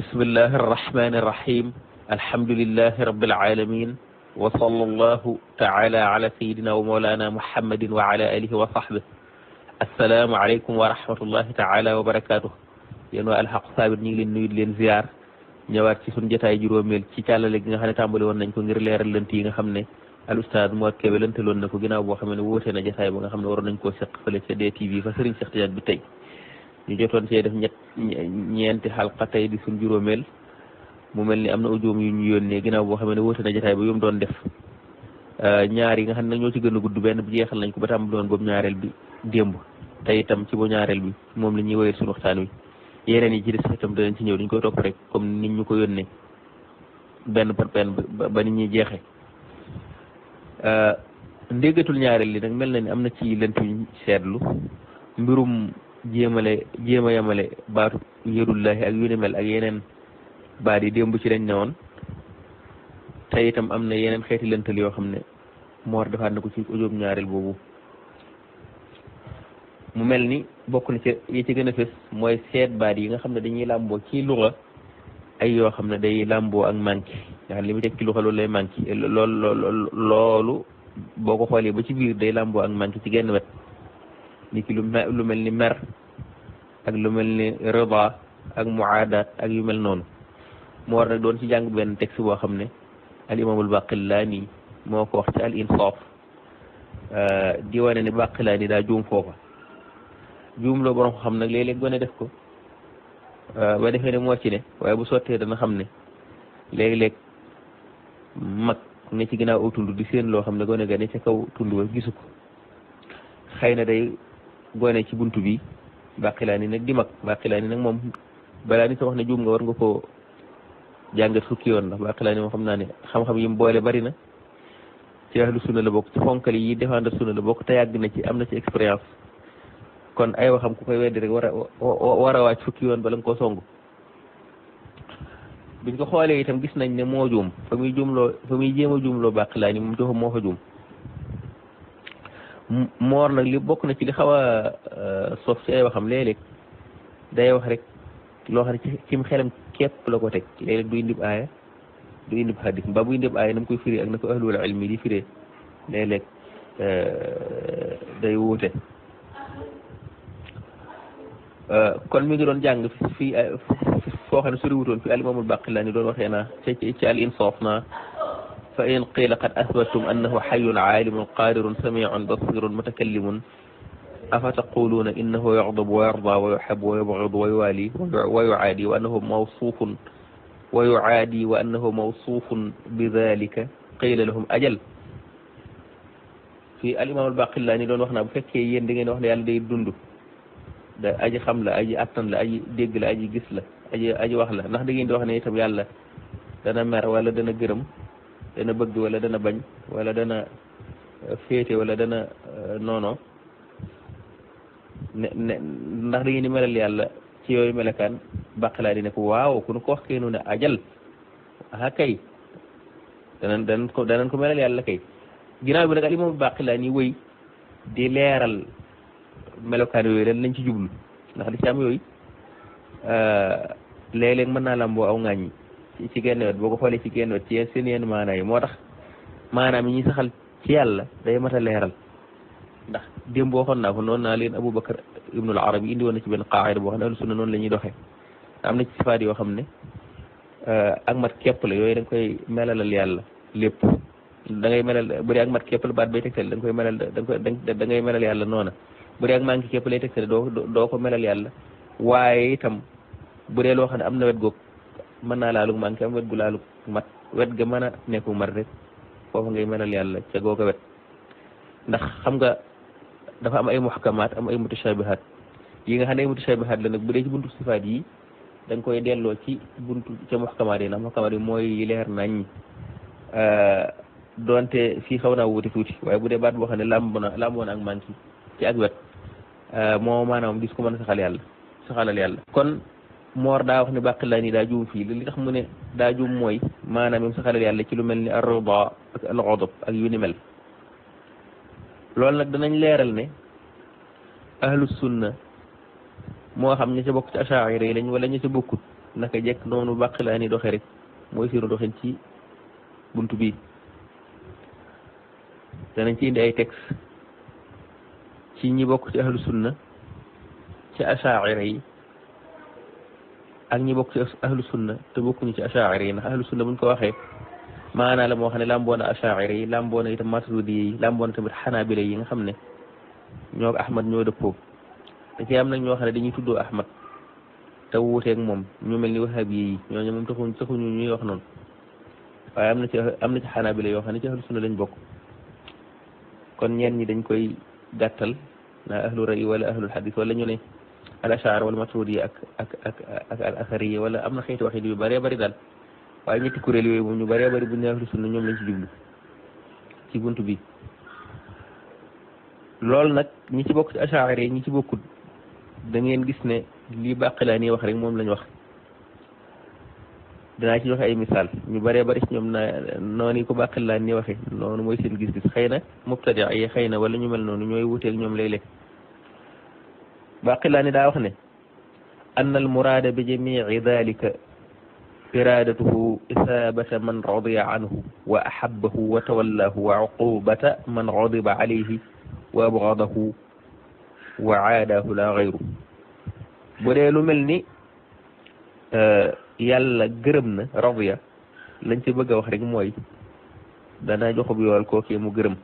بسم الله الرحمن الرحيم الحمد لله رب العالمين وصلى الله تعالى على سيدنا ومولانا محمد وعلى اله وصحبه السلام عليكم ورحمه الله تعالى وبركاته ينو الحق صابر نيغي لين نويد لين زيار نيوات سي سون جتاي جوروميل سي تيال ليغا خاني تامبالي وون نانكو غير ليرال لنت ييغا خامني الاستاذ موكبي لنتلون نكو غيناو بو خامني ووتينا جتاي بوغا خامني ورون نانكو سيخ فلي سي دي تي في فا سيرين شيخ تياد بي تاي ñu jotoon see def ñett ñeenti xalqa tey di suñ juróomeel mu mel ni am na ujoom yu ñu yónnee ginaaw boo xam ne wóote na jotaay ba yom doon def euh, ñaar yi nga xam ne ñoo ci gën a gudd benn bi jeexal nañ ko ba tàmbali woon boobu ñaareel bi démb te itam ci bu ñaareel bi moom la ñuy wéyal suñu waxtaan wi yeneen yi ci des itam danañ ci ñëw dañ koy topp rek comme nit ñu ko yónnee benn par benn ba nit ñuy jeexe euh, ndéggatul ñaareel li nag mel na ni am na ci lënt yu seetlu mbirum jéemale jéem a yemale baatu yadullahi ak yu ni mel ak yeneen baat yi démb ci lañ ne woon te itam am na yeneen xeeti lëntal yoo xam ne moor defaat na ci ñaareel boobu mu mel ni bokk na ci yi gën a fës mooy seet baat yi nga xam ne dañuy làmboo ci luxa ay yoo xam ne day làmboo ak manqué nga xam li mu teg ci luxa loolu lay manqué loolu loolu boo ko xoolee ba ci biir day làmboo ak manqué ci genn wet ni ki lu lu mel ni mer ak lu mel ni rida ak muaadaat ak yu mel noonu mu war nag doon ci jàng benn texte boo xam ne al imaamul baqilaani moo ko wax ci al insaaf euh, di wane ne baqilaani daa juum foofa juum loo borom xam nag léeg-léeg def ko euh, ba defee ne moo ci ne waaye bu sottee dana xam ne léeg-léeg mag ne ci gina aw tund di seen loo xam ne gone ga ne ca kaw tund wa gisu ko na day gone ci bunt bi bàqilaani nag di mag bàqilaani nag moom balaa ni sa wax ne juum nga war nga koo jàngat fukki yoon ndax bàqilaani moom xam naa ne xam-xam yi mu boole bari na ci ahlu sunna la bokk ci fonkal yi défendre sunna la bokk te yàgg na ci am na ci expérience kon ay waxam ku koy weddi rek war a war a waaj fukki yoon bala nga ko song biñ ko xoolee itam gis nañ ne moo juum fa muy juumloo fa muy jéem a juumloo bàqilaani moom joxam moo fa juum moor nag li bokk na ci li xaw a soof ci ay waxam léeg-léeg day wax rek loo xam ne ci cim xelam képp la ko teg léeg-léeg du indib aaya du indib xadis ba bu indib aaya na mu koy firi ak na ko ahlul ilmi di firee léeg-léeg day wuute kon mi ngi doon jàng fi foo xam ne suriwutoon fi al imaamul baqillani doon waxee naa ci ci al insaaf naa فإن قيل قد أثبتم أنه حي عالم قادر سميع بصير متكلم أفتقولون إنه يغضب ويرضى ويحب ويبغض ويوالي ويعادي وأنه موصوف ويعادي وأنه موصوف بذلك قيل لهم أجل في الإمام الباقي الله نيلون وخنا بفكي يندين وخنا يالدي الدندو دا أجي خملة أجي أتن لا أجي ديق لا أجي قسلة أجي أجي وخلة نحن دين دوخنا يتب يالله دانا مر ولا دانا قرم dana bëgg wala dana bañ wala dana euh, féete wala dana euh, noono ne ne ndax da ngeen di melal yàlla ci yooyu melekaan baqalaa di ne ko waaw ku nu ko wax kay nu ajal aha kay danañ danañ ko danañ ko melal yàlla kay ginnaaw bi nag al imam laa ni wëy di leeral melokaan yooyu lan lañ ci jublu ndax lislaam yooyu euh, mën naa lamboo aw ŋaañ ci genn wet boo ko falee ci genn wet ci seen yenn maana yi moo tax maanaam yi ñuy saxal ci yàlla day mat a leeral ndax démb waxoon naa ko noonu naa leen Aboubacar ibnul Arabi indi woon na ci benn qaayida boo xam ne ahlu sunna noonu la ñuy am na ci sifaat yoo xam ne euh, ak mat képp la yooyu da nga koy melalal yàlla lépp dangay ngay melal bu dee ak mat képp la baat bay tegtal da nga koy da da ngay melal yàlla noona bu dee ak manqué képp lay tegtal doo doo ko melal yàlla waaye itam bu loo xam ne am na wet googu mën naa laalug manqué am wet gu laalug mat wet ga mën a nekku mat rek foofu ngay mënal yàlla ca googa wet ndax xam nga dafa am ay muhkamaat am ay mutashabihat yi nga xam ne ay mutashabihat la nag bu dee ci buntu yi da nga koy delloo ci buntu ca muhkamaat yi ndax muhkamaat yi mooy leer nañ donte fii xaw naa wuute tuuti waaye bu dee baat boo xam ne làmboon na làmboon ak manqué ci ak wet moo maanaam gis ko mën a saxal yàlla saxalal yàlla kon moor daa wax ne Baqilaani daa juum fii li tax mu ne daa juum mooy maanaam im saxalal yàlla ci lu mel ni ar-rida ak al ak yu ni mel loolu nag danañ leeral ne ahlu sunna moo xam ña ca bokk ci achaira yi lañ wala ña bokkut naka jekk noonu Baqilaani doxe rek mooy seenu doxin ci bunt bii danañ ci indi ay texte ci ñi bokk ci ahlu sunna ci achaira yi ak ñi bokk ci ahlu sunna te bokkuñu ci achaari yi ndax ahlu sunna buñ ko waxee maanaa la moo xam ne làmboona achaari yi làmboona itam maturidi yi làmboona tamit xanaabila yi nga xam ne ñoo ahmad ñoo dëppoo da ci am nag ñoo xam ne dañuy tuddoo ahmad te wuuteeg moom ñu mel ni wahab yi ñooñu moom taxuñ taxuñu ñuy wax noon waaye am na ci am na ci xanaabila yoo xam ne ci ahlu sunna lañ bokk kon ñeen ñi dañ koy gàttal naa ahlu rayi wala ahlul xadis wala ñu ne الاشعار والمتروديه اك اك اك, أك, أك الاخريه ولا امنا خيت واحد يو بري بري دال واي نيت كوريل يو نيو بري بري بو نيو سن نيوم لا سي جوبلو سي بونتو بي لول نك ني سي بوكو اشعاري ني سي بوكو دا نين غيس ني لي باقي لا ني واخ ريك موم لا نيو واخ dana ci wax ay misal ñu bare bare ñom na noni ko bakkal la ni waxe nonu moy seen gis gis xeyna mubtadi ay xeyna wala ñu mel nonu ñoy wutel ñom باقي لا ندا أن المراد بجميع ذلك إرادته إثابة من رضي عنه وأحبه وتولاه وعقوبة من غضب عليه وأبغضه وعاده لا غيره بدأ ملني آه، يلا قرمنا رضي لن تبقى وخرج موي دانا جوخ بيوالكو في مقرم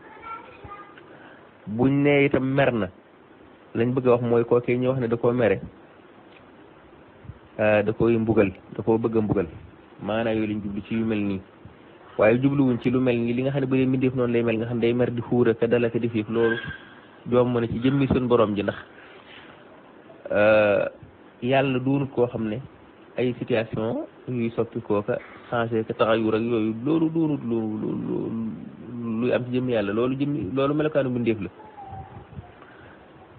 بنيت مرنا lañ bëgg a wax mooy kookee ñu wax ne da koo mere euh, da koy mbugal da koo bëgg a mbugal maanaa yooyu lañ jublu ci yu mel nii waaye jubluwuñ ci lu mel nii li nga xam ne bu dee mbindeef noonu lay mel nga xam ne day mer di xuura ka dala ka defiif loolu jomm na ci jëmmi suñ borom ji ndax euh, yàlla doonut koo xam ne ay situation yuy soppi kooka changé yooyu lu luy am yàlla loolu jëmmi loolu melokaanu mbindeef la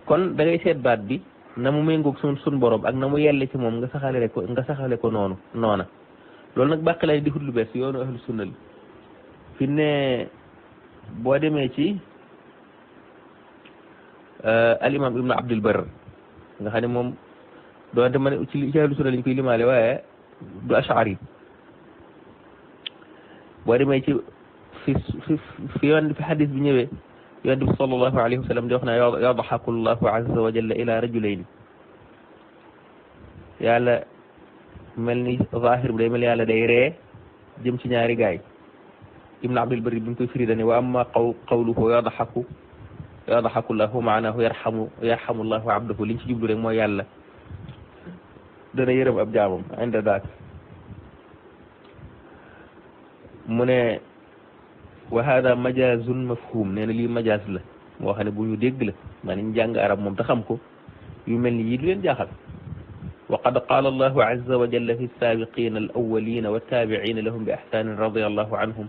kon da seet baat bi na mu méngoog sun sun boroom ak na mu yelle ci moom nga saxale ko nga saxale ko noonu noona loolu nag bàq lay di xut lu bees yoonu ahlu sunna la fi ne boo demee ci euh, al imam ibnu abdul bar nga xam ne moom doonte ma ci ci ahlu sunna lañ koy limaale waaye du ashari boo demee ci fi fi fi yoon fi xadis bi ñëwee يدب صلى الله عليه وسلم دوخنا يضحك الله عز وجل الى رجلين يالا ملني ظاهر بلي مل يالا داي ري جيم سي نياري غاي ابن عبد البر بن كفري داني واما قوله يضحك يضحك الله معناه يرحم يرحم الله عبده لي نجيب لك مو يالا دا يرم اب جامم عند ذاك مني وهذا مجاز مفهوم نين لي مجاز لا مو بو نيو لا ماني نجانغ عرب موم تا خامكو يو ملني يي وقد قال الله عز وجل في السابقين الاولين والتابعين لهم باحسان رضي الله عنهم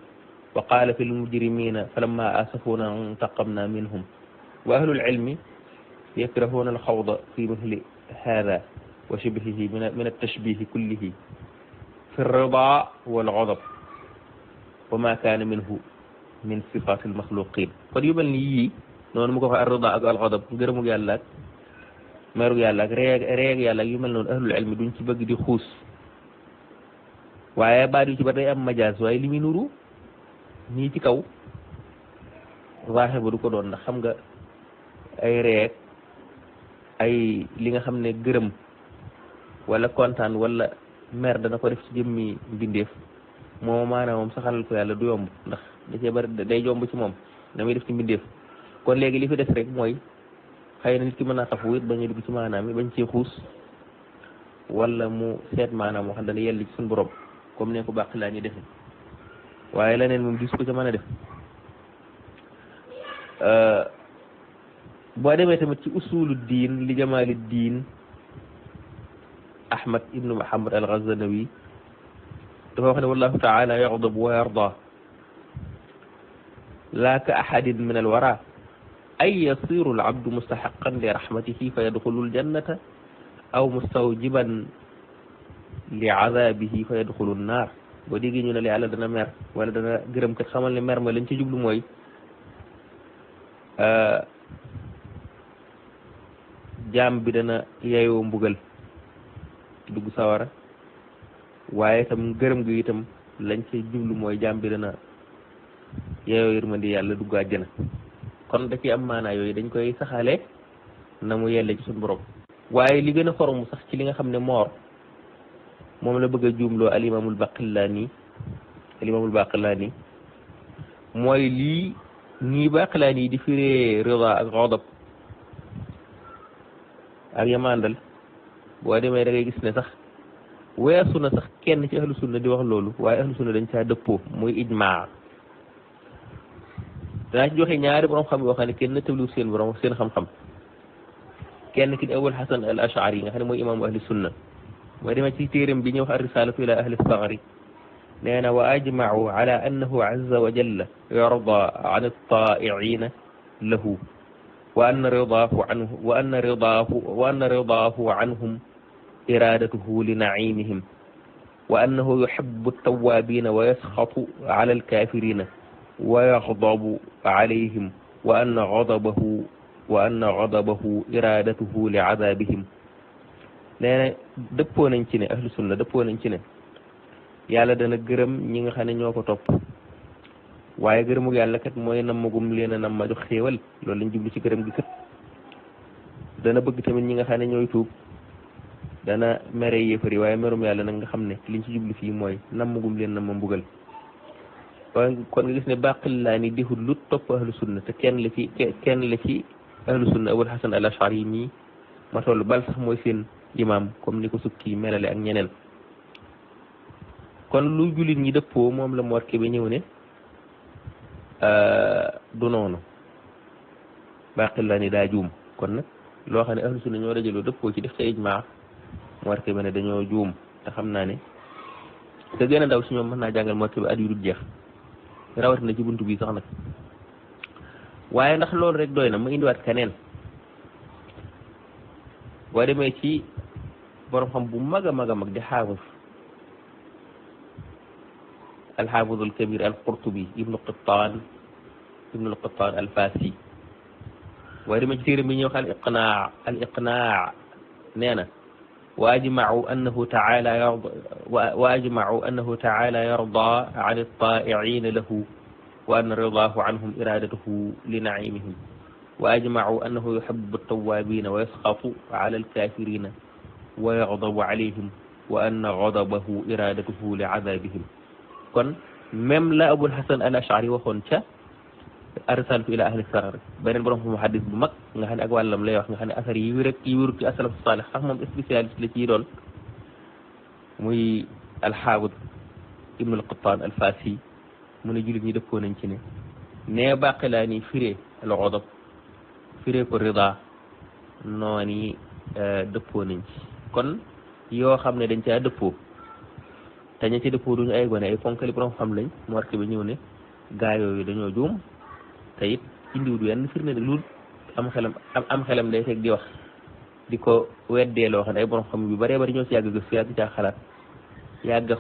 وقال في المجرمين فلما اسفونا انتقمنا منهم واهل العلم يكرهون الخوض في مثل هذا وشبهه من التشبيه كله في الرضا والغضب وما كان منه min sifatil maxluqin kon yu mel ni yii noonu mu ko waxee arrida ak alxadab ngërëmug yàlla ak merug yàlla reeg reeg yàlla yu mel noonu ahlul ilmi duñ ci bëgg di xuus waaye baat yu am majaas waaye li nuru nii ci kaw waaxe ba du ko doon ndax xam nga ay reeg ay li nga xam ne gërëm wala kontaan wala mer dana ko def ci jëmmi mbindeef moom maanaam moom saxalal ko yàlla du yomb ndax da cee bari day jomb ci moom da muy def ci mbindeef kon léegi li fi des rek mooy xëy na nit ki mën naa tafu it bañ a dugg ci maanaam yi bañ ci xuus wala mu seet maanaam moo xam dana yell ci suñu borom comme ne ko bàq laa ñuy defe waaye leneen moom gis ko ca mën a def boo demee tamit ci usulu diin li jamaali diin ahmad ibnu muhammad al ghazanawi dafa wax ne wallahu taala yaxdabu wa yarda laa ka ahadin min alwara ay yasiru alabdu mustahaqan li rahmatihi fa yadxulu aljannata aw mustawjiban li azabihi fa yadxulu nnaar boo déggee ñu ne la yàlla dana mer wala dana gërëm kat xamal ne mer ma lañ ci jublu mooy euh, jaam bi dana yeyoo mbugal dugg sawara waaye itam gërëm gi itam lañ ci jublu mooy jaam bi dana yeeyoo yërmandi yàlla dugg àjjana kon da ci am maanaa yooyu dañ koy saxaale na mu yelle ci suñ borom waaye li gën a xoromu sax ci li nga xam ne moor moom la bëgg a juumloo al imaamul baqilaani al imaamul baqilaani mooy lii nii baqilaani yi di firee rida ak xodab ak yamaandal boo demee da ngay gis ne sax weesu na sax kenn ci ahlu sunna di wax loolu waaye ahlu sunna dañ caa dëppoo muy ijmaa danaa ci joxe ñaari borom xam yoo xam ne kenn tëbliwu seen borom seen xam-xam kenn ki di awal xasan al ashar yi nga xam ne mooy imaamu ahli sunna mooy demee ci téeram bi ñuy wax arrisalatu ila ahli sagri nee na wa ajmacu ala annahu azza wa jalla yarda an altaaicina lahu wa anna ridaahu anhu wa anna ridaahu wa anna ridaahu anhum iradatuhu li naimihim wa annahu yuxibu altawabina wa yasxatu ala alkafirina wa yaxdabu alayhim wa anna xadabahu wa anna xadabahu iradatuhu li azabihim nee na dëppoo nañ ci ne ahlu sunna dëppoo nañ ci ne yàlla dana gërëm ñi nga xam ne ñoo ko topp waaye gërëmug yàlla kat mooy nammagum leen a nam ma jox xéewal loolu lañ jublu ci gërëm gi kat dana bëgg tamit ñi nga xam ne ñooy tuub dana mere yéefari waaye merum yàlla nag nga xam ne li ci jublu fii mooy nammagum leen nam ma mbugal waaye kon nga gis ne Baqillaani di lut topp ahlu sunna te kenn la ci kenn la ci ahlu sunna Abul Hasan al Ashari ma toll bal sax mooy seen imaam comme ni ko sukki melale ak ñeneen kon lu jullit ñi dëppoo moom la Mor Kébé ñëw ne euh, du noonu ni daa juum kon nag loo xam ne ahlu sunna ñoo dajaloo dëppoo ci def ca ijmaa Mor Kébé ne dañoo juum te xam naa ne te gën a ndaw si ñoom mën naa jàngal Mor Kébé at yu dul jeex rawatina ci buntu bi sax nag waaye ndax loolu rek dooy na ma indiwaat keneen boo demee ci borom xam bu mag a mag a mag di xaafis alxaafisul kabir al qurtubi ibnu qittaan ibnu qittaan al faasi waaye demee ci téere bi ñëw xal iqnaa al iqnaa nee na وأجمعوا أنه تعالى يرضى وأجمعوا أنه تعالى يرضى عن الطائعين له وأن رضاه عنهم إرادته لنعيمهم وأجمعوا أنه يحب التوابين ويسخط على الكافرين ويغضب عليهم وأن غضبه إرادته لعذابهم كن même la Abul Hasan al arsaltu ila ahli sarar beneen borom xam xadis bu mag nga xam ne ak wàllam lay wax nga xam ne asar yi wér ak yi wérut ci asalaf saalih sax moom spécialiste la ciy doon muy alxaafid ibnu alqattaan alfaasi mu ne ñi dëppoo nañ ci ne nee baqilaa ni firee al odab firee ko rida nooni eh, dëppoo nañ ci kon yoo xam ne dañ caa dëppoo te ña ci dëppoo duñu ay gone ay ponkali borom xam lañ marke bi ñëw ne gaa yooyu dañoo juum te it indiwut wenn firnde am xelam am xelam day fekk di di ko weddee loo xam ne ay borom xam yu bëree bëri ñoo si yàgg gëstu yàgg caa xalaat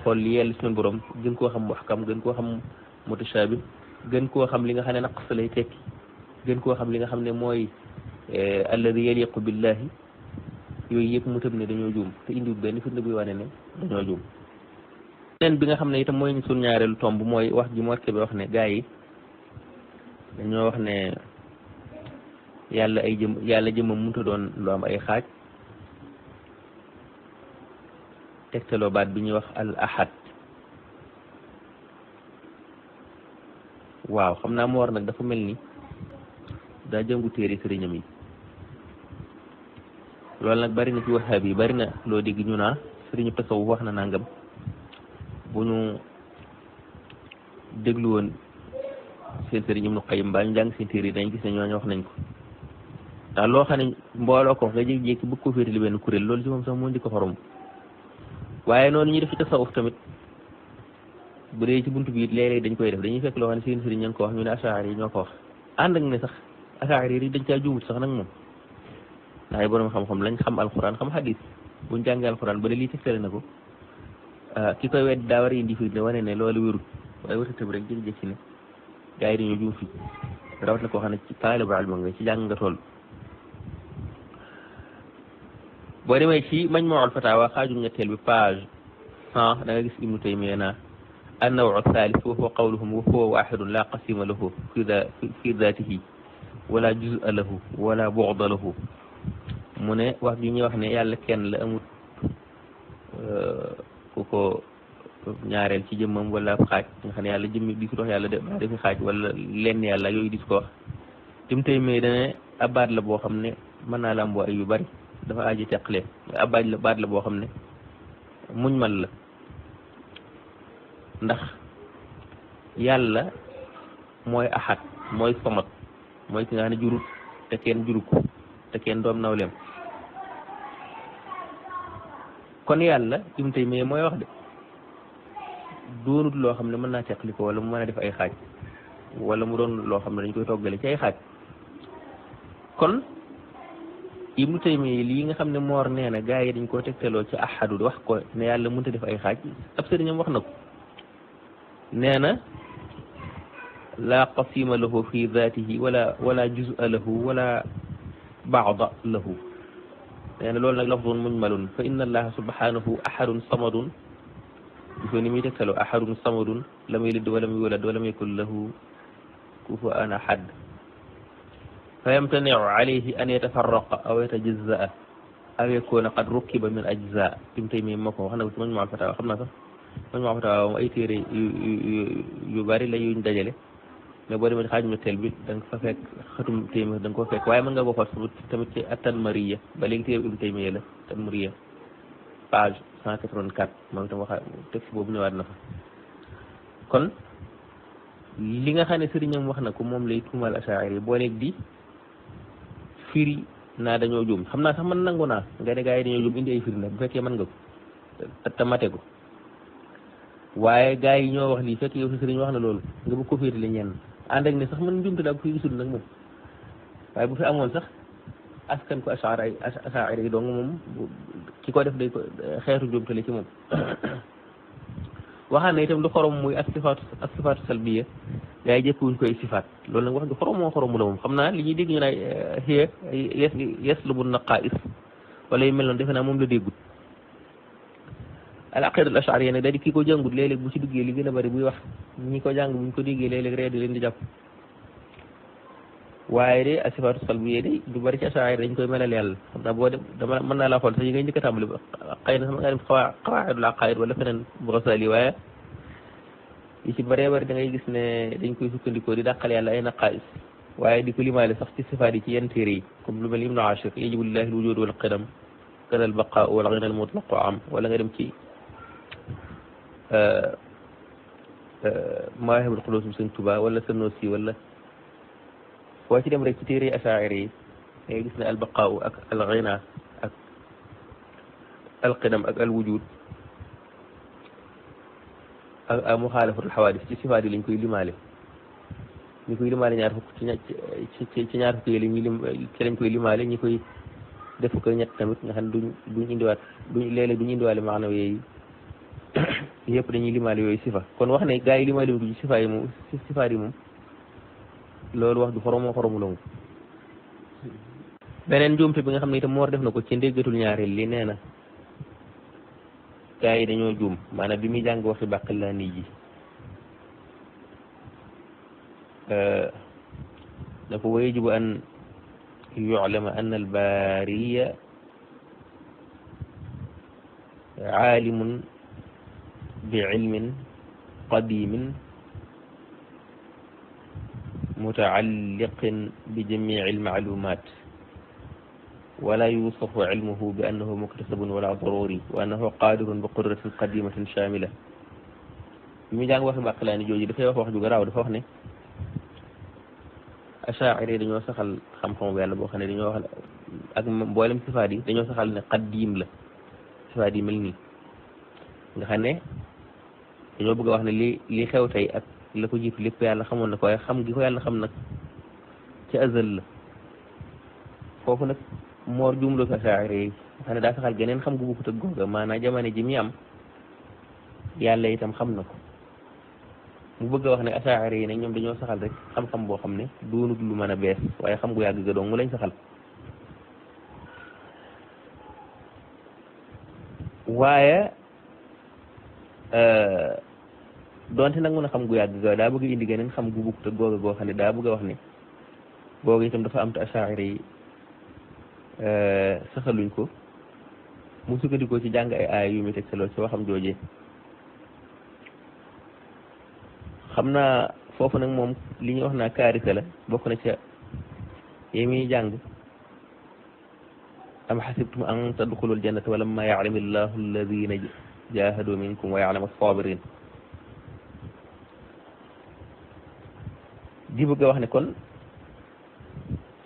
xool li yell borom gën koo xam muhkam gën koo xam mutashaabih gën koo xam li nga xam ne naqs lay tekki gën koo xam li nga xam ne mooy eh, alladi yaliqu billahi yooyu yëpp mu tëb ne dañoo juum te benn firnde buy wane ne dañoo bi nga xam ne itam mooy suñu ñaareelu tomb mooy wax ji Mor Kébé wax ne gaa yi dañoo wax ne yàlla ay jëm yàlla jëmam mënta doon lu am ay xaaj tegtaloo baat bi ñuy wax al ahad waaw xam naa mu war nag dafa mel ni daa jëngu téere sëriñam yi loolu nag bari na ci waxaab yi bari na loo dégg ñu naa sëriñu tasawuf wax na nangam bu ñu déglu seen sëriñ ñu xey mbañ jang seen téere dañ gis ñoo ñooñu wax nañ ko da lo xam mbolo ko nga jékki-jékki bu ko féetali benn kuréel loolu ci moom sax mo ndi ko xorom waye non ñi def ci tasawuf tamit bu re ci buntu bi it dañ koy def dañuy fekk lo xam seen sëriñ ña ko wax ñu ne asaari ñoo ko wax and ak ne sax ashari ri dañ ca juumut sax nak moom ay borom xam-xam lañ xam alquran xam hadith bu jàngee alquran ba li ci fere nako ah, ki koy wedd da war indi firnde wane ne loolu wérul waaye wërta tëb rek jékki ci ne gars yi dañuy juum fii rawat na koo xam ne ci taalibu alma nga ci jàng nga toll boo demee ci majmuul fatawa xaaju ñetteel bi page cent da nga gis ibnu taymiya na annawcu thalith wa huwa qawluhum wa huwa waxidun la qasima lahu fi da fi datihi wala juz'a lahu wala bu'da lahu mu ne wax ju ñuy wax ne yàlla kenn la amut euh, ku ko ñaareel ci jëmmam wala ab xaaj nga xam ne yàlla jëmmi di ko dox yàlla defi xaaj wala lenn yàlla yooyu di ko wax tim tey mais dane abaat la boo xam ne mën naa la am yu bari dafa aaji teqlee abaat la baat la boo xam ne muñ mal la ndax yàlla mooy axat mooy somat mooy ki nga xam ne jurut te kenn jurut ko te kenn doom nawleem kon yàlla tim tey mooy wax de doonut loo xam ne mën naa teqli wala mu mën a def ay xaaj wala mu doon loo xam ne dañ koy toggale ci ay xaaj kon ibnu taymiya lii nga xam ne moor nee na gaa yi dañ koo tegtaloo ci ahadu wax ko ne yàlla mënta def ay xaaj ab sëriñam wax na ko nee na laa qasima lahu fi datihi wala wala juz'a lahu wala baada lahu nee na loolu nag lafdun mujmalun fa inna allaha subhanahu ahadun samadun يكون ميتكلو أحد صمد لم يلد ولم يولد ولم يكن له كفوا أحد فيمتنع عليه أن يتفرق أو يتجزأ أو يكون قد ركب من أجزاء ابن تيمية مكو خلنا قلت من معرفة تعالى خلنا صح من معرفة تعالى أي تيري يباري لا ينتجلي ما بوري من خارج من تلبي دنك فك ختم تيمية دنك فك واي من جابو فصل تمت أتن مريه بلين تيمية ابن تيمية له أتن مريه page 184 moom itam waxa texte boobu ñëwaat na fa kon li nga xam ne sëriñam wax na ko moom lay tuumal asaari yi boo nekk di firi naa dañoo juum xam naa sax man nangu naa nga ne gars yi dañoo juum indi ay firi na bu fekkee mën nga ko te ko waaye gars yi ñoo wax lii fekk yow sëriñ wax na loolu nga bëgg ko féetale ñenn ànd ak ne sax man njuumte daa ko fi gisul nag moom waaye bu fi amoon sax askan ko asaara asaara yi dong moom ki ko def day ko xeetu njuumte la ci moom waxaan na itam lu xorom muy ak sifaatu ak sifaatu salbiya gaa yi jëkkwuñ sifaat loolu nag wax ju xorom moo xoromu la moom xam naa li ñuy dégg ñu naa xiya eh, yes yes lu bu wala yu mel noonu defe naa moom la déggut al aqida al ashariya nag da ki kii ko jàngut léeg-léeg bu ci duggee li gën a bari buy wax ñi ko jàng buñ ko déggee léeg-léeg ree di leen di jàpp waaye de ak sifaatu salbiya de lu bari ci asaayir dañ koy melal yàlla xam naa boo dem dama mën naa laa xool sax yi ngay njëkk a tàmbali ba xëy na sama nga wala feneen bu Xasaali waaye ci bëree bëri da ngay gis ne dañ koy sukkandikoo di dàqal yàlla ay naqaais waaye di ko limaale sax ci sifaat yi ci yenn téere yi comme lu mel ibnu Ashir yajibu lillahi alwujud wal qidam kana al baqa wal ghina al mutlaq am wala nga dem ci euh, euh, mawaahibul qudus bu Sëñ Tuubaa wala Sanusi wala foo ci dem rek ci téere asaa'ir yi ngay gis ne albaqaaw ak alxina ak alqidam ak alwujud ak ak muxaalafatul xawaadis ci sifaat yi lañ koy limaale ñi koy limaale ñaar fukk ci ñaar fukk koy limaale ñi koy def ko ñett tamit nga xam ne duñ duñ indiwaat duñ léeg-léeg duñ indiwaale maanaam yooyu yëpp dañuy limaale yooyu sifa kon wax yi limaale ko ci yi moom sifaat moom loolu wax du xoromoo xoromu longu beneen njuumte bi nga xam ne itam moor def na ko ci ndéggatul ñaareel li nee na gaa dañoo juum maanaam bi muy jàng waxi bàq laa nit ji euh, dafa wa yajibu an yuclama an albaariya caalimun bi cilmin qadimin متعلق بجميع المعلومات ولا يوصف علمه بأنه مكتسب ولا ضروري وأنه قادر بقدرة قديمة شاملة مي جان واخ يعني جوجي دافاي واخ واخ جو غراو دافا واخ ني اشاعري دانيو سخال خام خام بيال بو خاني دانيو واخ اك مبولم صفادي قديم لا صفادي ملني nga xamne dañu bëgg wax ne li la lépp yàlla xamoon na ko waaye xam gi ko yàlla xam nag ci azal la foofu nag moor jumlo a saari yi xam ne daa saxal geneen xam gu bokkut ak googa maanaam jamono ji mi am yàlla yitam xam na ko mu bëgg wax ne asaari yi nag ñoom dañoo saxal rek xam-xam boo xam ne doonut lu mën a bees waaye xam gu yàgg dong mu lañ saxal waaye euh, donte nag mën a xam gu yàgg ga daa bëgg indi geneen xam gu bukk te googa goo xam ne daa bëgg a wax ne googa itam dafa am te asaari yi euh, saxaluñ ko mu sukkandikoo ci jàng ay aaya yu muy tegtaloo ci waxam joojee xam naa foofu nag moom li ñuy wax naa kaarisa la bokk na ca yi muy jàng am xasibtum an tadxulul jannata walamma yaclami allahu alladina jahadu minkum wa yaclama sabirin di bëgg wax ne kon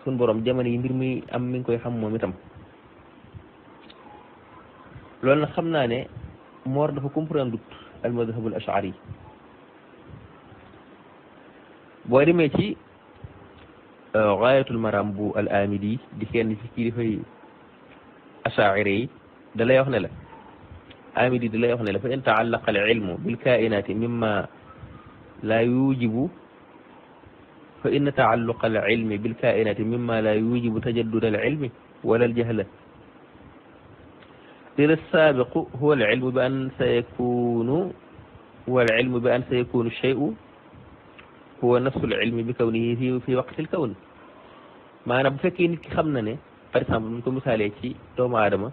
suñ borom jamono yi mbir mi am mi ngi koy xam moom itam loolu nag xam naa ne moor dafa comprendre al madhabul ashari booy demee ci gaayatul maram bu al amidi di kenn ci kii dafay ashaire yi da lay wax ne la amidi da lay wax ne la fa in taallaqa al ilmu bil kainati mimma la yujibu فإن تعلق العلم بالكائنات مما لا يوجب تجدد العلم ولا الجهل قيل السابق هو العلم بأن سيكون هو العلم بأن سيكون الشيء هو نفس العلم بكونه في, وقت الكون ما أنا بفكي إنك خمناني فرسام سامل منكم مثالي كي دوم آدم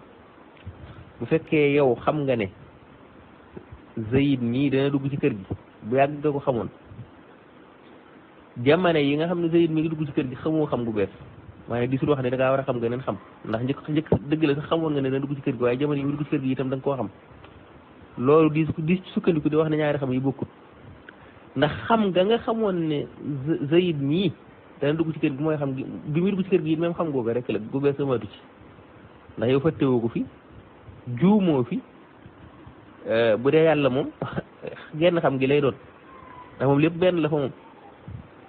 بفكي يو خمغاني زيد ني دانا دوبي تكرجي بياد دوكو خمون jamono yi nga xam ne Zayd mi ngi dugg ci kër gi xamoo xam gu bees waaye di sul wax ne da war a xam nga neen xam ndax njëkk njëkk dëgg la sax xamoon nga ne dana dugg ci kër gi waaye jamono koo xam loolu di di sukkandiku di wax ne ñaari xam yi bokkut ndax xam nga nga xamoon ne Zayd mii dana dugg ci kër gi mooy xam gi bi muy dugg ci kër gi it même xam googu rek la gu bees amaatu ci ndax yow fàttewoo ko fi juumoo fi euh, bu dee yàlla moom genn xam gi lay doon ndax moom lépp benn la fa moom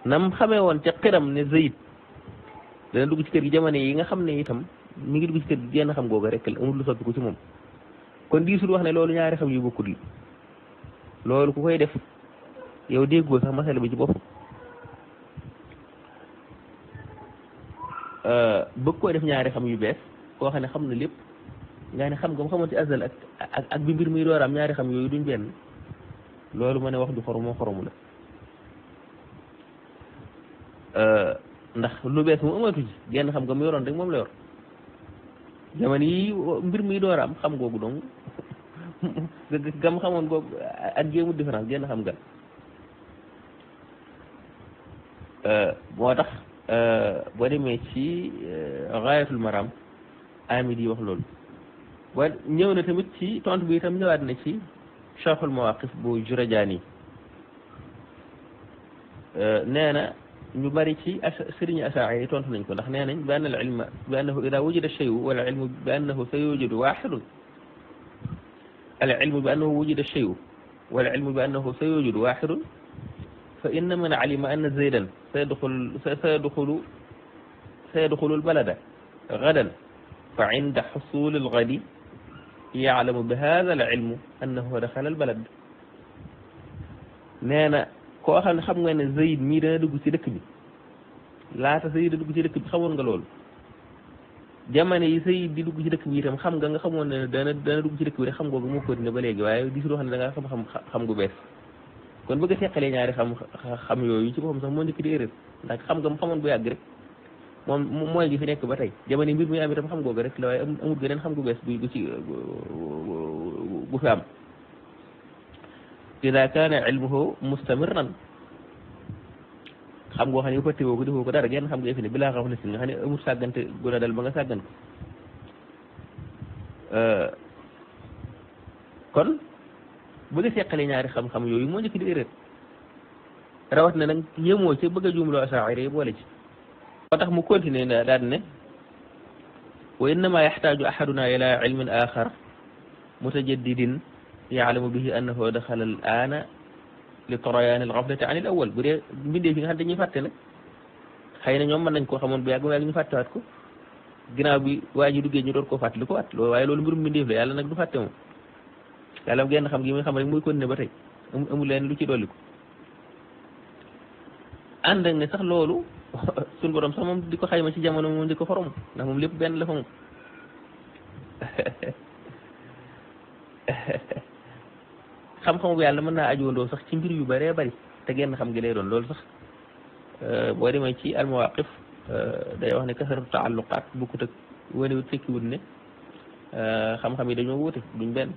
na xamee woon ca xiram ne zayid dana dugg ci kër gi jamono yi nga xam ne itam mu ngi dugg ci kër gi genn xam googu rek amul lu soppiku ci moom kon diisul wax ne loolu ñaari xam yu bokkul loolu ku koy def yow déggoo sax masala bi ci bopp euh, bëgg koo def ñaari xam yu bees koo xam ne xam na lépp nga ne xam nga mu xamoon ci azal ak ak bi mbir muy dooraam ñaari xam yooyu duñ benn loolu ma ne wax ju xoromoo xoromu la Euh, ndax lu bees mu amatu ci genn xam nga mu yoroon rek moom la yor jamono yi mbir muy door am xam googu dong gam xamoon googu ak jéemu différence genn xam nga euh, moo tax euh, boo demee ci gaayatul maram amit yi wax loolu wa ñëw na tamit ci tontu bi itam ñëwaat na ci charxul mawaqif bu jurajaani nee na ñu bari ci as sëriñu asaari yi tontu nañ ko ndax nee nañ bi anna al ilma bi annahu ida wujida cheyu wala ilmu bi annahu sa yujudu waaxidun al ilmu bi annahu wujida cheyu wala ilmu bi annahu sa yujudu waaxidun fa inna man alima anna zaydan sayadxul sayadxulu sayadxulu albalada gadan fa inda xusuli algadi yaalamu bi hada al ilmu annahu daxala albalad nee na koo xam ne xam nga ne Zayd mii dana dugg ci dëkk bi laata Zayd dugg ci dëkk bi xamoon nga loolu jamono yi Zayd di dugg ci dëkk bi itam xam nga nga xamoon na dana dana dugg ci dëkk bi rek xam nga moo continué ba léegi waaye di si loo xam ne da xam xam xam gu bees kon bëgg a teqalee ñaari xam xam yooyu ci boppam sax moo njëkk di erreur ndax xam nga mu xamoon bu yàgg rek moom mooy gi fi nekk ba tey jamono mbir muy am itam xam googu rek la waaye amul geneen xam gu bees bu gu ci bu fi am ida kaana ilmuhu mustamirran xam ngoo xam ne fàttewoo ko defoo ko xam nga yëf ne bilaa xam ne si nga xam ne amul a dal ba nga sàggan ko euh, kon bëgg a seqale ñaari xam-xam yooyu moo njëkk di erreur rawat na nag yémoo ci bëgg a juumloo asaaciri boole ci moo tax mu continuer na daal ne wa innama yaxtaaju ahaduna ila ilmin axar mutajaddidin يعلم به أنه دخل الآن لطريان الغفلة عن الأول بدي في هذا النفات لك خينا نيوم من نكو خمون بياغو يالي نفات واتكو جناو بي واجي دو جنجو دور كو فات لكو وات لو وايلو لبور من ديف يالي نكو فات مو يالي بجان خم جيمي خم ريمو يكون نبتاي أمو لين لكي دول لكو عندنا نسخ لولو سن برام سمم ديكو خايمة شي جامونا مم ديكو فروم نمم ليب بيان لفهم Hehehehe xam-xam bu yàlla mën naa ajowandoo sax ci mbir yu bëree bëri te genn xam gi lay doon loolu sax boo demee ci almawaqif day wax ne kasaratu taalluqaat bukkut ak wanewut tekkiwut ne xam-xam yi dañoo wuute duñ benn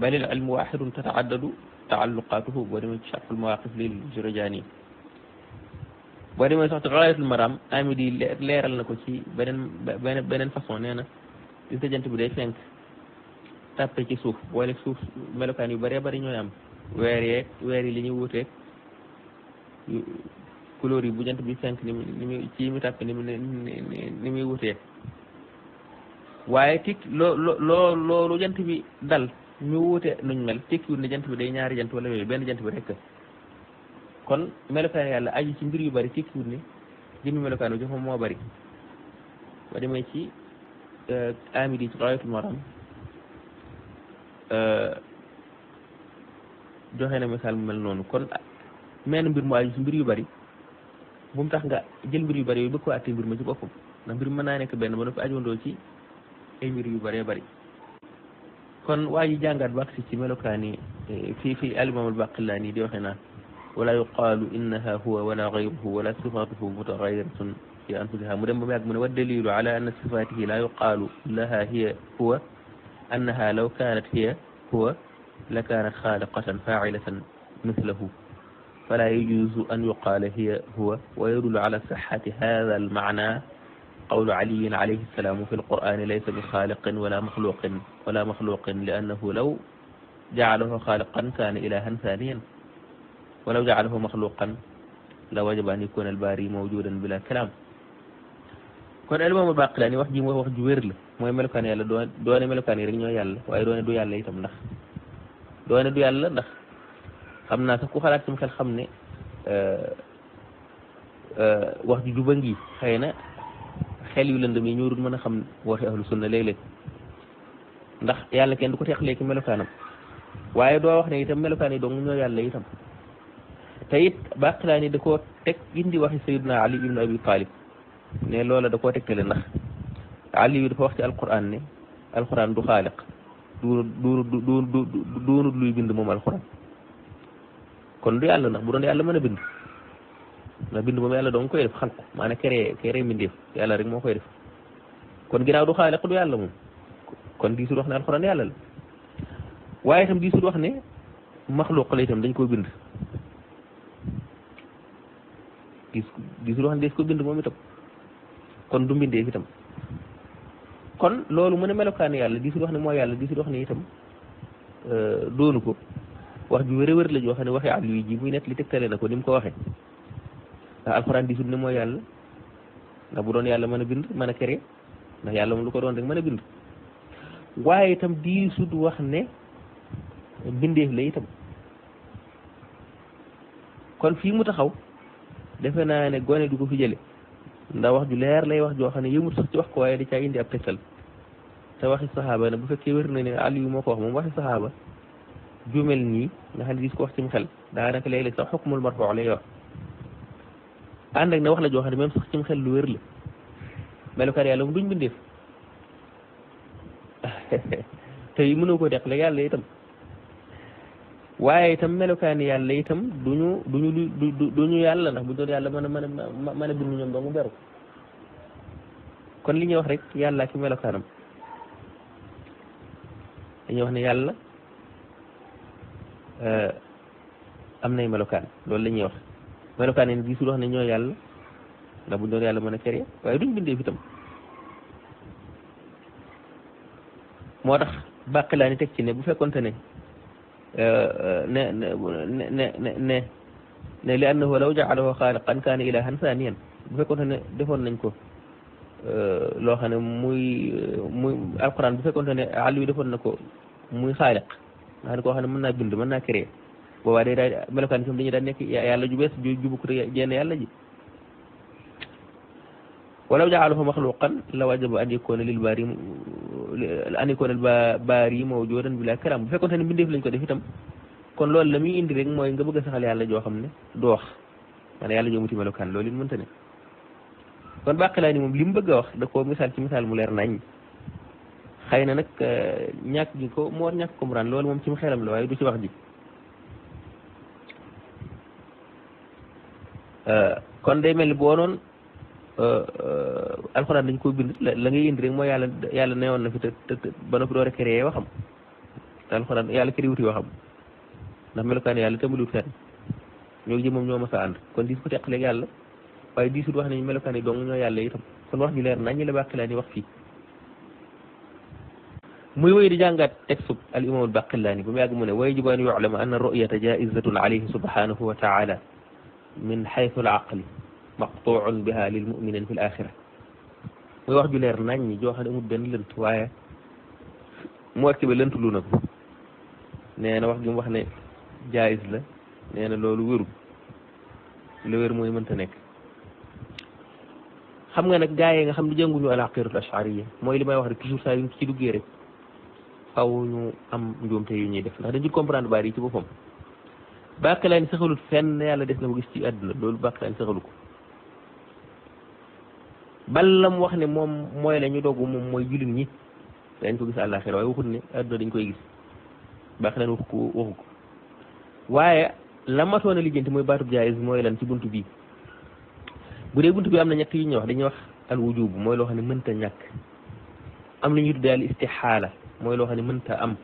balil il ilmu waxidun tataaddadu taalluqaatuhu boo demee ci charxul mawaqif lil jurajani boo demee sax ci xaayatul maram amidi leeral na ko ci beneen beneen façon nee na gis nga jant bi day fenk tàppe ci suuf booleeg suuf melokaan yu bëree bëri ñooy am weer yi li ñuy wuuteeg couleur yi bu jant bi fenk ni muy ci mi ni mu ni muy wuuteeg waaye tik loo loo loolu jant bi dal ñu wuute nuñ mel tikkiwut ne jant bi day ñaari jant wala yooyu benn jant bi rekk kon melokaan yàlla aju ci mbir yu bëri tikkiwut ne jëmmi melokaan bi jox moom moo bëri ba demee ci euh, amidi ci xawatul moram Euh, joxe na misaal mu mel noonu kon meen mbir mu aju ci mbir yu bari mu tax nga jël mbir yu bari yooyu bëgg ko mbir ma ci boppam ndax mbir mën naa nekk benn ba dafa ajondoo ci ay mbir yu baree bari kon waa ji jàngaat ba agsi ci melokaani eh, fii fii alimaamul baqilaani di waxe naan wala yuqaalu innaha huwa wala gayruhu wala sifatuhu mutagayiratun fi anfusiha mu dem ba mu yàgg mu ne wa dalilu ala anna sifatihi la yuqaalu laha hiya huwa أنها لو كانت هي هو لكانت خالقة فاعلة مثله فلا يجوز أن يقال هي هو ويدل على صحة هذا المعنى قول علي عليه السلام في القرآن ليس بخالق ولا مخلوق ولا مخلوق لأنه لو جعله خالقا كان إلها ثانيا ولو جعله مخلوقا لوجب أن يكون الباري موجودا بلا كلام كون علمه مباقلاني يعني وحجي وحجي ويرله mooy melukaan yàlla doo doone melukaan yi rek ñoo yàlla waaye doone du yàlla itam ndax doone du yàlla ndax xam naa sax ku xalaat sam xel xam ne euh, euh, wax ju juba ngi xëy na xel yu lëndëm yi ñoorul mën a xam waxi ahlu sunna léeg-léeg ndax yàlla kenn du ko teqlee ci melukaanam waaye doo wax itam melukaan yi dong ñoo yàlla itam te it bàqilaani da koo teg indi waxi sayiduna ali ibnu abi talib ne loola da koo tegtale na Aliyu dafa wax ci alquran ne alquran du xaaliq du du du doonut luy bind moom alquran kon du yàlla nag bu doon yàlla mën a bind moom yàlla dong koy def xalku maanaam créé mbindeef yàlla rek moo koy def kon ginnaaw du xaaliq du yàlla moom kon diisul wax ne alquran yàlla la waaye itam diisul wax ne maxluuq la itam dañ koo bind diisul wax ne dañ ko bind moom itam kon du mbindeef itam kon loolu mën ne melokaanu yàlla di wax ne moo yàlla di su wax ne itam euh, doonu ko wax ju wér a wér la joo xam ne waxi àll yi ji muy nekk li tegtale na ko ni ko waxee ndax alxuraan di su ne mooy yàlla ndax bu doon yàlla mën a bind mën a kere ndax yàlla moom lu ko doon rek mën a bind waaye itam di su wax ne bindeef la itam kon fii mu taxaw defe naa ne gone du ko fi ndax wax ju leer lay wax joo xam ne yëmut sax ci wax ko waaye da caa indi ab tegtal te waxi saxaaba ne bu fekkee wér na ne Aliou moo ko wax moom waxi saxaaba jumel nii nga xam ne gis ko wax ci mu xel daanaka léeg-léeg sax xukmul marfoo lay wax ànd ak ne wax la joo xam ne même sax ci xel lu wér la melukaat yàlla mu duñ bindeef te yi mënoo ko deq la yàlla itam waaye itam melokaani yàlla itam duñu duñu du duñu yàlla ndax bu doon yàlla mën a man a mën a bind ñoom dong beru kon li ñuy wax rek yàlla ci melokaanam dañuy wax ne yàlla eh, am nay melokaan loolu la ñuy wax melokaan yi gisul wax ne ndax bu doon yàlla mën a créer waaye duñ bindee fi itam moo tax bàqilaan yi teg ci ne bu fekkonte ne ne ne ne ne li annahu law jaalahu xaaliqan kaana ilaahan saaniyan bu fekkoon ne defoon nañ ko loo xam ne muy muy alquran bu fekkoon ne àll wi defoon na ko muy xaaliq nga xam ne koo xam ne mën naa bind mën naa créer boobaa day daal melokaan bi dañuy daal nekk yàlla ju bees ju jubu ko jenn yàlla ji walaw jaaluhu maxluqan la wajaba an yakuna lil baari an yakuna al baari mawjudan bila karam bu fekkoon te ne mbindeef lañ ko def itam kon loolu la muy indi rek mooy nga bëgg a saxal yàlla joo xam ne du wax man yàlla joo muti melokaan loolu it mënta ne kon Baqlaani moom li mu bëgg a wax da koo misaal ci misaal mu leer nañ xëy na nag euh, ñàkk ko moo ñàkk ko mu moom ci mu xelam la waaye ci wax ji euh, kon day mel ni boo noon Euh, euh, alxuraan dañ koo bind la ngay indi rek moo yàlla yàlla newoon na fi te te ba noppi door a alxuraan yàlla créé wuti waxam ndax melukaan yàlla tëmbali wut fenn ñoo ji moom ñoo mës a ànd kon diis ko teq léegi yàlla waaye diisut wax nañ melukaan yi dong ñoo yàlla itam kon wax ñu leer nañ ñi la bàqilaani wax fii muy wéy di jàngaat texte al imaamul baqilaani bu mu yàgg mu ne way jibu an yuclama anna ru'yata jaizatun alayhi subhanahu wa taala min xaytu al aqli maqtuun biha lil muminine fi l mooy wax ju leer nañ ñi joo xam ne benn lënt waaye mu acci ba lënt lu na ko nee wax gi mu wax ne jaayis la nee na loolu wérul lu wér mooy mënta nekk xam nga nag gaay yi nga xam ne jànguñu al aqidatu ashariya mooy li may wax rek toujours saa yuñ ci duggee rek faw ñu am njuumte yu ñuy def ndax dañu comprendre baar yi ci boppam bàkkalaan saxalut fenn yàlla def na ko gis ci àdduna loolu bàkkalaan saxalu ko bal lam wax ne moom mooy la ñu dogu moom mooy jullit ñi dañ ko gis àllaaxira waaye waxut ne adduna dañ koy gis baax leen wax ko waxu ko waaye la matoon mooy baatub jaayiz mooy lan ci buntu bii bu dee buntu bi am na ñett yu ñuy wax dañuy wax al wujub mooy loo xam ne mënta ñàkk am lu ñuy tuddee al istixaala mooy loo xam ne mënta am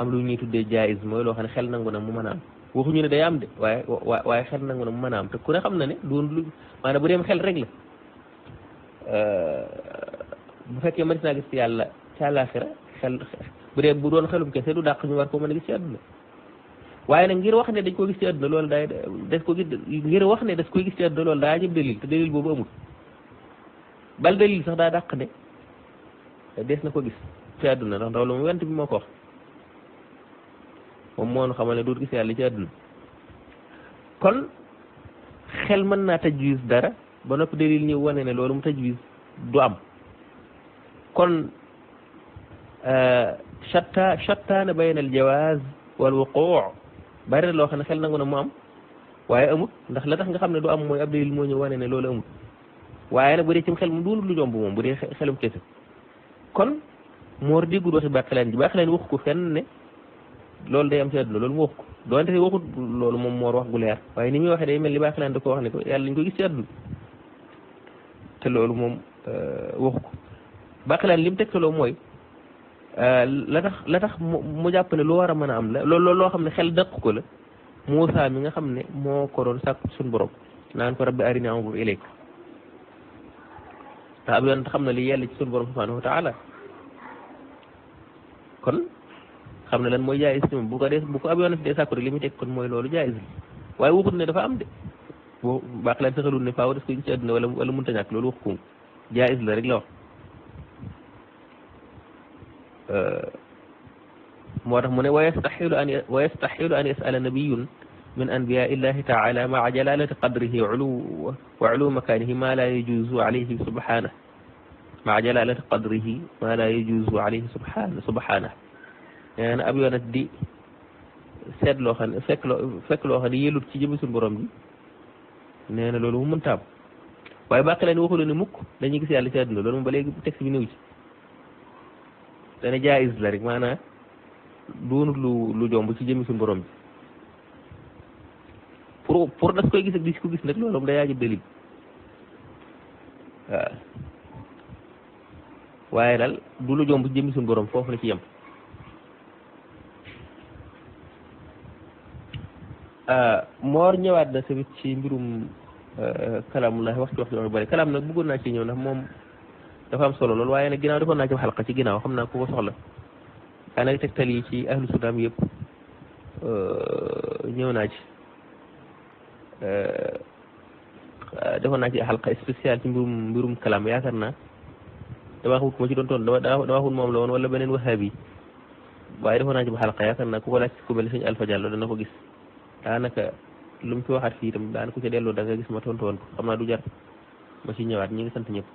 am lu ñuy tuddee jaayiz mooy loo xam ne xel nangu na mu mën a am waxuñu ne day am de waaye waaye xel nangu na mu mën a am te ku ne xam na ne doon bu dem xel rek la bu fekkee mën naa gis yàlla ci àllaaxira xel bu dee bu doon xelum kese du dàq ñu war ko mën a gis ci àdduna waaye nag ngir wax ne dañ ko gis ci àdduna loolu daay des ko gis ngir wax ne des koy gis ci àdduna loolu daa jëm dalil te dalil na ko gis ci àdduna ndax ndaw la mu went bi moo ko wax moom moo xamal ne duut gis yàlla ci àdduna kon xel mën naa tajwis dara ba noppi dalil ñëw wane ne loolu mu tajwis du am kon chatta euh, chattaana baynal jawaaz wal wuquu bari na loo xam ne xel nangu na mu am waaye amut ndax la tax nga xam ne du am mooy ab dalil moo ñëw wane ne loolu amut waaye nag bu dee xel mu doonul lu jomb moom bu dee xelum kese kon moor déggul waxi bàqilaan ji bàqilaan ko fenn ne loolu day am ci àdduna loolu mu wax ko doonte waxut loolu moom moor wax gu leer waaye ni muy waxee day mel ni bàqilaan da ko wax ne ko yàlla ñu ko gis ci àdduna te loolu moom euh, waxu ko baqilaan li mu tegtaloo mooy euh, la tax la tax mu jàpp ne lu war a mën a am la loolu loo xam ne xel dëkk ko la Muusaa mi nga xam ne moo ko doon sàkku suñu borom naan ko rabbi arinaa anzur xam na li yàlla ci suñu borom subhaanahu wa taala xam ne lan mooy jaayis ci moom ko dee bu ab yonent dee sàkku rek li muy teg kon mooy loolu jaayis waaye waxut ne dafa am de باقلا تخلون نفاور اسكو انت ادنا ولا ولا منتجاك لو لوخكم جائز لرق لو مورح مني ويستحيل ان ويستحيل ان يسال نبي من انبياء الله تعالى مع جلاله قدره علو وعلو مكانه ما لا يجوز عليه سبحانه مع جلاله قدره ما لا يجوز عليه سبحانه سبحانه يعني ابي ندي سيد لو خن فك لو فك لو خن nee na loolu mu mënta am waaye bàkkaale ni waxuloon ne mukk dañuy gis yàlla ci àdduna loolu moom ba léegi texte bi néew dana jaayis la rek maanaam doonut lu lu jomb ci jëmmi suñu borom bi pour pour daf koy gis ak di si waaw waaye daal du lu jomb ci jëmmi suñu borom foofu la ci yem Euh, Mor ñëwaat na tamit ci mbirum euh, kalaamullah waxtu waxtu bari kalaam nag bëggoon naa ci ñëw ndax moom dafa am solo lool waaye nag ginnaaw defoon naa ci xalqa ci ginnaaw xam naa ku ko soxla daanaka tegtal yi ci ahlu sunnaam yëpp euh, ñëw naa ci defoon ci xalqa spécial ci mbirum mbirum kalaam yaakaar naa damaa xamul ku ma ci doon toon damaa xamul moom la woon wala beneen waxaab yi waaye defoon naa ci ba xalqa yaakaar naa ko laaj ku mel ne sëñ Alpha Diallo dana ko gis daanaka lu mu ci waxaat fii itam daanaka ku ca delloo da nga gis ma tontu woon ko naa du jar ma ci ñëwaat ñi ngi sant ñëpp